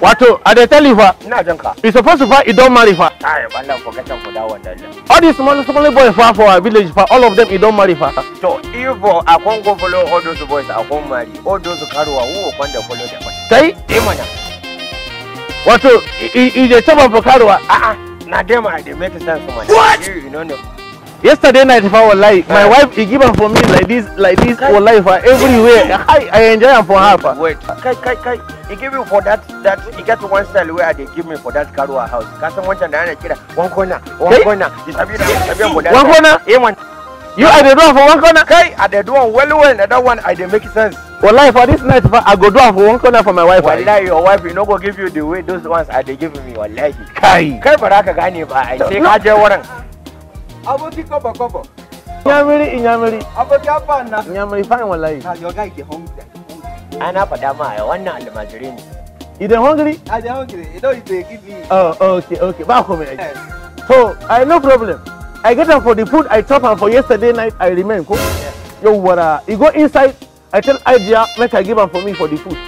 Wato, I dey tell you fa. Ina jan ka. You supposed to fa you don marry fa. Ai, wannan ko gacan ku dawo da All these small small boys fa for our village fa all of them you don marry fa. To, Ivo a kon go follow all those boys a kon marry. All those karuwa who kon da follow them. Kai? Eh mana. Wato, you dey chop for karuwa. A'a, na dem I dey make sense man. What? You, you know no. yesterday night for wallahi my uh, wife he give her for me like this like this kai, wallahi for ah, everywhere I, I enjoy am for her pa. wait kai kai kai he give you for that that he get one style where they give me for that karuwa house ka san wancan da ana kira one corner one corner you sabi da sabi for that one corner you are the one for one corner kai i the am well well that one i dey make sense wallahi for this night i go do am for one corner for my wife wallahi ah. your wife you no go give you the way those ones i dey give me wallahi kai kai ba ka gane ba ai sai ka je wurin aboki kobo kobo inyamiri inyamiri aboki abana inyamiri fine wallahi na your guy dey hungry ana fada want wannan almajiri ne you dey hungry i dey hungry you know you dey give me oh okay okay ba ko me so i no problem i get am for the food i chop am for yesterday night i remain ko yowara uh, You go inside i tell idea make i give am for me for the food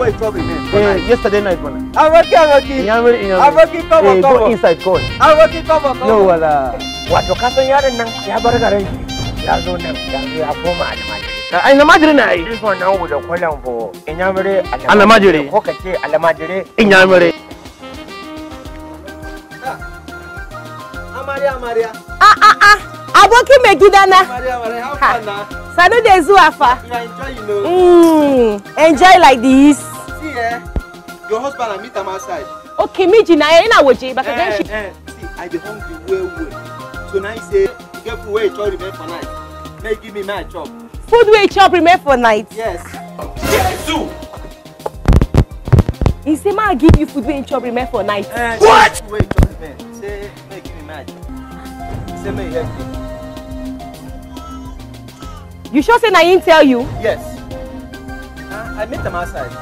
where the problem is. Yeah, yesterday night, man. I'm working, I'm working. Inyamuri, I'm working, come on, come on. inside, go on. I'm working, come on, come on. No, wala. Wato ya bar garin Ya zo nan, ya zo ya koma almajiri. Eh, na ai. Ifo wuda kwalan bo. Ko ka ce almajiri. Inyamuri. Ah, Amariya, Amariya. Ah ah ah. Abokin mai gidana. Amariya, Amariya, how far ah. na? Sanu da zuwa fa. Enjoy like this. your husband and meet them outside. okay meji na ẹ na woje but i don see i be hungry well well so now you say you get food wey you chop remain for night make you give me my chop. food wey you chop remain for night. yes. jesu. he say ma give you food wey you chop remain for night. Uh, what. food wey you chop remain say make you give me my chop say make you help me. you sure say na him tell you. yes. Uh, i met them outside.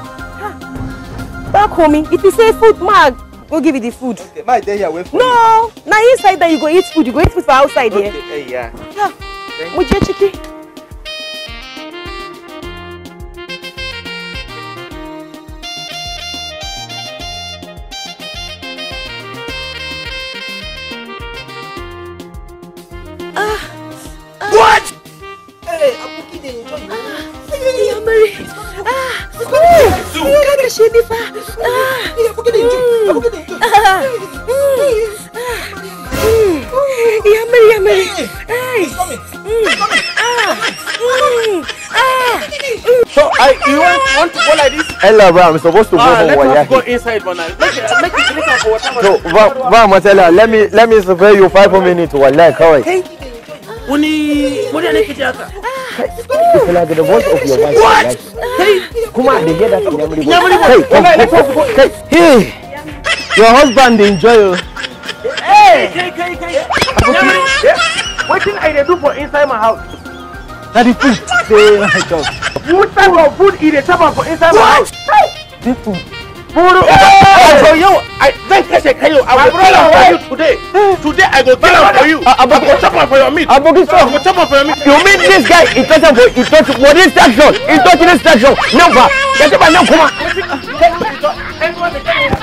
Huh back homie eh, if you say food ma go give you the food. okay ma i dey here for no, now inside that you go eat food you go eat food for outside eh. okay, there. Eh, okay hey, yeah. yeah. mo jẹ chicken. So I you want, want to go like this? Ella bro, I'm supposed to go ah, for Wayahi. Let's go inside for Make it drink So bro, bro, Ella, let me let me spare you five minutes. Wallahi, kawai. Uni, what are you haka? It's like the voice of your wife. What? Hey, kuma they get that in Yamri. Hey, come, come, come. Hey, hey. Your husband enjoy. Hey, hey, hey, hey dey do for inside my house. That is food dey my job. which type of food e dey chop am for inside my house. the food. Buru for you, I then catch a kayo. I will kill for you today. Today I go kill him for you. Uh, uh, I go chop him for your meat. I go chop him for your meat. You mean this guy? He touch him he touch for this section. He touch this section. Never. Get him by now, come on.